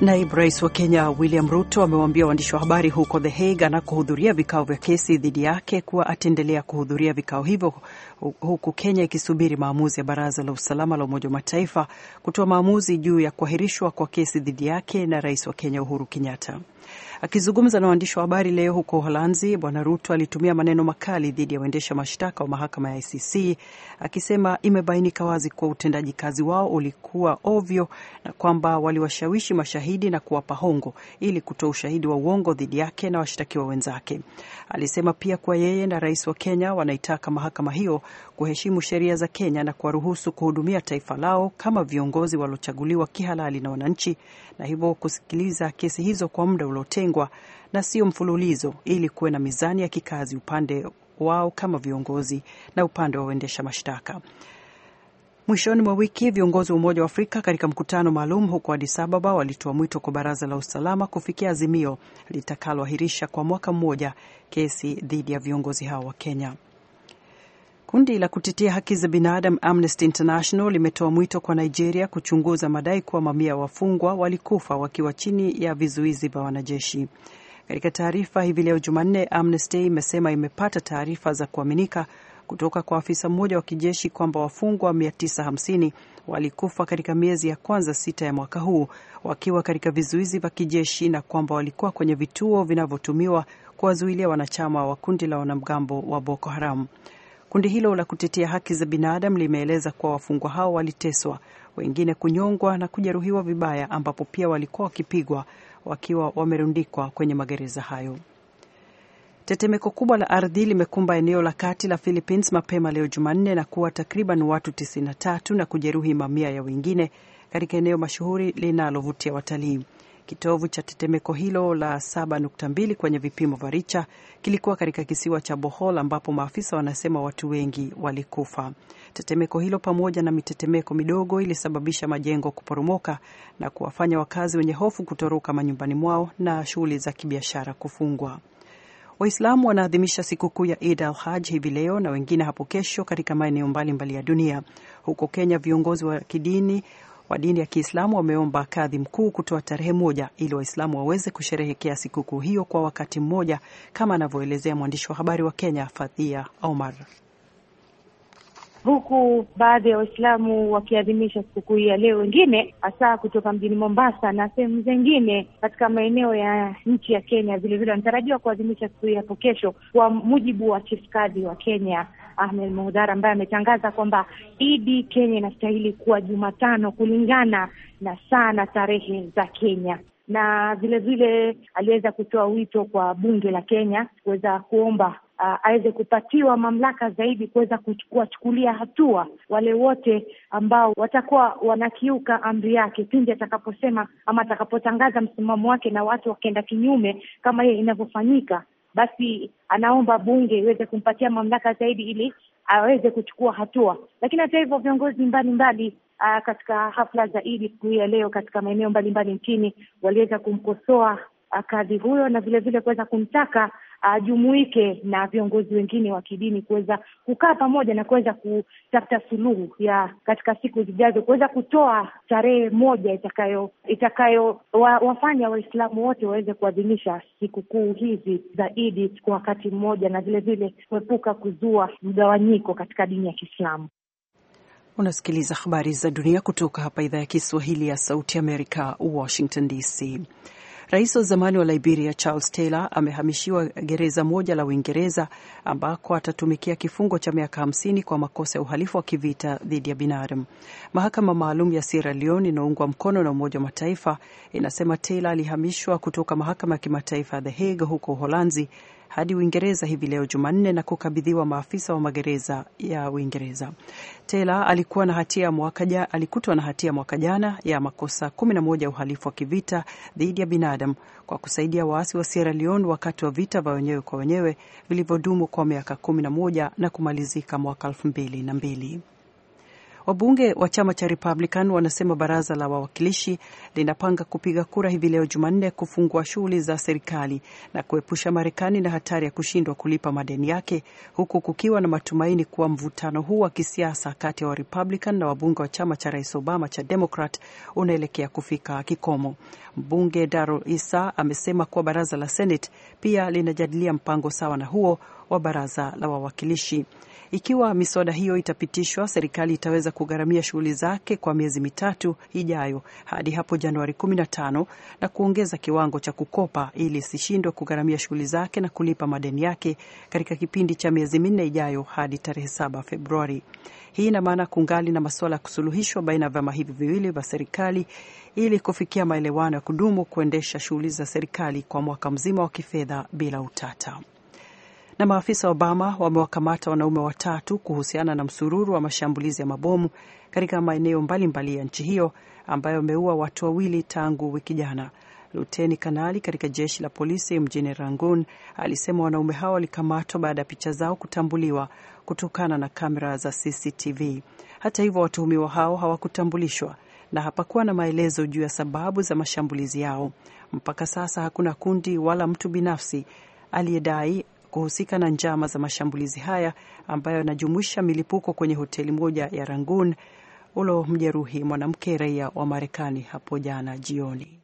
Naibu rais wa Kenya William Ruto amewaambia waandishi wa habari huko The Hague anakohudhuria vikao vya kesi dhidi yake kuwa ataendelea kuhudhuria vikao hivyo huku Kenya ikisubiri maamuzi ya Baraza la Usalama la Umoja wa Mataifa kutoa maamuzi juu ya kuahirishwa kwa kesi dhidi yake na rais wa Kenya Uhuru Kenyatta. Akizungumza na waandishi wa habari leo huko Uholanzi, Bwana Ruto alitumia maneno makali dhidi ya waendesha mashtaka wa mahakama ya ICC akisema imebainika wazi kuwa utendaji kazi wao ulikuwa ovyo na kwamba waliwashawishi mashahidi na kuwapa hongo ili kutoa ushahidi wa uongo dhidi yake na washtakiwa wenzake. Alisema pia kuwa yeye na rais wa Kenya wanaitaka mahakama hiyo kuheshimu sheria za Kenya na kuwaruhusu kuhudumia taifa lao kama viongozi waliochaguliwa kihalali na wananchi na hivyo kusikiliza kesi hizo kwa muda uliotengwa na sio mfululizo, ili kuwe na mizani ya kikazi upande wao kama viongozi na upande wa waendesha mashtaka. Mwishoni mwa wiki viongozi wa Umoja wa Afrika katika mkutano maalum huko Addis Ababa walitoa mwito kwa Baraza la Usalama kufikia azimio litakaloahirisha kwa mwaka mmoja kesi dhidi ya viongozi hao wa Kenya. Kundi la kutetea haki za binadamu Amnesty International limetoa mwito kwa Nigeria kuchunguza madai kuwa mamia wafungwa walikufa wakiwa chini ya vizuizi vya wanajeshi. Katika taarifa hivi leo Jumanne, Amnesty imesema imepata taarifa za kuaminika kutoka kwa afisa mmoja wa kijeshi kwamba wafungwa 950 walikufa katika miezi ya kwanza sita ya mwaka huu wakiwa katika vizuizi vya kijeshi na kwamba walikuwa kwenye vituo vinavyotumiwa kuwazuilia wanachama wa kundi la wanamgambo wa Boko Haram. Kundi hilo la kutetea haki za binadamu limeeleza kuwa wafungwa hao waliteswa, wengine kunyongwa na kujeruhiwa vibaya, ambapo pia walikuwa wakipigwa wakiwa wamerundikwa kwenye magereza hayo. Tetemeko kubwa la ardhi limekumba eneo la kati la Philippines mapema leo Jumanne na kuwa takriban watu 93 na kujeruhi mamia ya wengine katika eneo mashuhuri linalovutia watalii. Kitovu cha tetemeko hilo la 7.2 kwenye vipimo vya Richa kilikuwa katika kisiwa cha Bohol ambapo maafisa wanasema watu wengi walikufa. Tetemeko hilo pamoja na mitetemeko midogo ilisababisha majengo kuporomoka na kuwafanya wakazi wenye hofu kutoroka manyumbani mwao na shughuli za kibiashara kufungwa. Waislamu wanaadhimisha sikukuu ya Id al Haj hivi leo na wengine hapo kesho katika maeneo mbalimbali ya dunia. Huko Kenya, viongozi wa kidini wa dini ya Kiislamu wameomba kadhi mkuu kutoa tarehe moja ili Waislamu waweze kusherehekea sikukuu hiyo kwa wakati mmoja, kama anavyoelezea mwandishi wa habari wa Kenya Fadhia Omar. Huku baadhi ya Waislamu wakiadhimisha sikukuu hii ya leo, wengine hasa kutoka mjini Mombasa na sehemu zingine katika maeneo ya nchi ya Kenya vilevile wanatarajiwa kuadhimisha sikukuu hii hapo kesho, kwa mujibu wa chifu kadhi wa Kenya Ahmed Mohdar ambaye ametangaza kwamba Idi Kenya inastahili kuwa Jumatano kulingana na saa na tarehe za Kenya na vilevile aliweza kutoa wito kwa bunge la Kenya kuweza kuomba uh, aweze kupatiwa mamlaka zaidi kuweza kuwachukulia hatua wale wote ambao watakuwa wanakiuka amri yake pindi atakaposema ama atakapotangaza msimamo wake na watu wakaenda kinyume, kama hiye inavyofanyika basi anaomba bunge iweze kumpatia mamlaka zaidi ili aweze kuchukua hatua. Lakini hata hivyo viongozi mbalimbali uh, katika hafla za Idi siku hii ya leo katika maeneo mbalimbali nchini waliweza kumkosoa ah, kadhi huyo na vilevile kuweza kumtaka ajumuike na viongozi wengine wa kidini kuweza kukaa pamoja na kuweza kutafuta suluhu ya katika siku zijazo, kuweza kutoa tarehe moja itakayo itakayo wa, wafanya Waislamu wote waweze kuadhimisha sikukuu hizi za Idi kwa wakati mmoja, na vilevile kuepuka kuzua mgawanyiko katika dini ya Kiislamu. Unasikiliza habari za dunia kutoka hapa idhaa ya Kiswahili ya Sauti Amerika, Washington DC. Rais wa zamani wa Liberia Charles Taylor amehamishiwa gereza moja la Uingereza ambako atatumikia kifungo cha miaka 50 kwa makosa ya uhalifu wa kivita dhidi ya binadamu. Mahakama maalum ya Sierra Leone inaungwa mkono na Umoja wa Mataifa inasema Taylor alihamishwa kutoka mahakama ya kimataifa ya The Hague huko Uholanzi hadi Uingereza hivi leo Jumanne na kukabidhiwa maafisa wa magereza ya Uingereza. Taylor alikuwa na hatia mwaka jana, alikutwa na hatia mwaka jana ya makosa 11 ya uhalifu wa kivita dhidi ya binadamu kwa kusaidia waasi wa Sierra Leone wakati wa vita vya wenyewe kwa wenyewe vilivyodumu kwa miaka 11 na kumalizika mwaka 2002. Wabunge wa chama cha Republican wanasema baraza la wawakilishi linapanga kupiga kura hivi leo Jumanne kufungua shughuli za serikali na kuepusha Marekani na hatari ya kushindwa kulipa madeni yake, huku kukiwa na matumaini kuwa mvutano huu wa kisiasa kati ya wa Republican na wabunge wa chama cha Rais Obama cha Democrat unaelekea kufika kikomo. Mbunge daro Issa amesema kuwa baraza la Senate pia linajadilia mpango sawa na huo wa baraza la wawakilishi. Ikiwa miswada hiyo itapitishwa, serikali itaweza kugharamia shughuli zake kwa miezi mitatu ijayo hadi hapo Januari 15 na kuongeza kiwango cha kukopa ili isishindwe kugharamia shughuli zake na kulipa madeni yake katika kipindi cha miezi minne ijayo hadi tarehe 7 Februari. Hii ina maana kungali na masuala ya kusuluhishwa baina ya vyama hivi viwili vya serikali ili kufikia maelewano ya kudumu kuendesha shughuli za serikali kwa mwaka mzima wa kifedha bila utata. Na maafisa wa Obama wamewakamata wanaume watatu kuhusiana na msururu wa mashambulizi ya mabomu katika maeneo mbalimbali ya nchi hiyo ambayo ameua watu wawili tangu wiki jana. Luteni Kanali katika jeshi la polisi mjini Rangun alisema wanaume hao walikamatwa baada ya picha zao kutambuliwa kutokana na kamera za CCTV. Hata hivyo, watuhumiwa hao hawakutambulishwa na hapakuwa na maelezo juu ya sababu za mashambulizi yao. Mpaka sasa hakuna kundi wala mtu binafsi aliyedai kuhusika na njama za mashambulizi haya ambayo yanajumuisha milipuko kwenye hoteli moja ya Rangoon ulomjeruhi mwanamke raia wa Marekani hapo jana jioni.